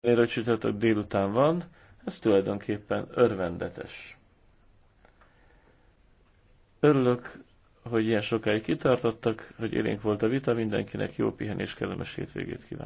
ellenére csütörtök délután van, ez tulajdonképpen örvendetes. Örülök, hogy ilyen sokáig kitartottak, hogy élénk volt a vita, mindenkinek jó pihenés, kellemes hétvégét kívánok.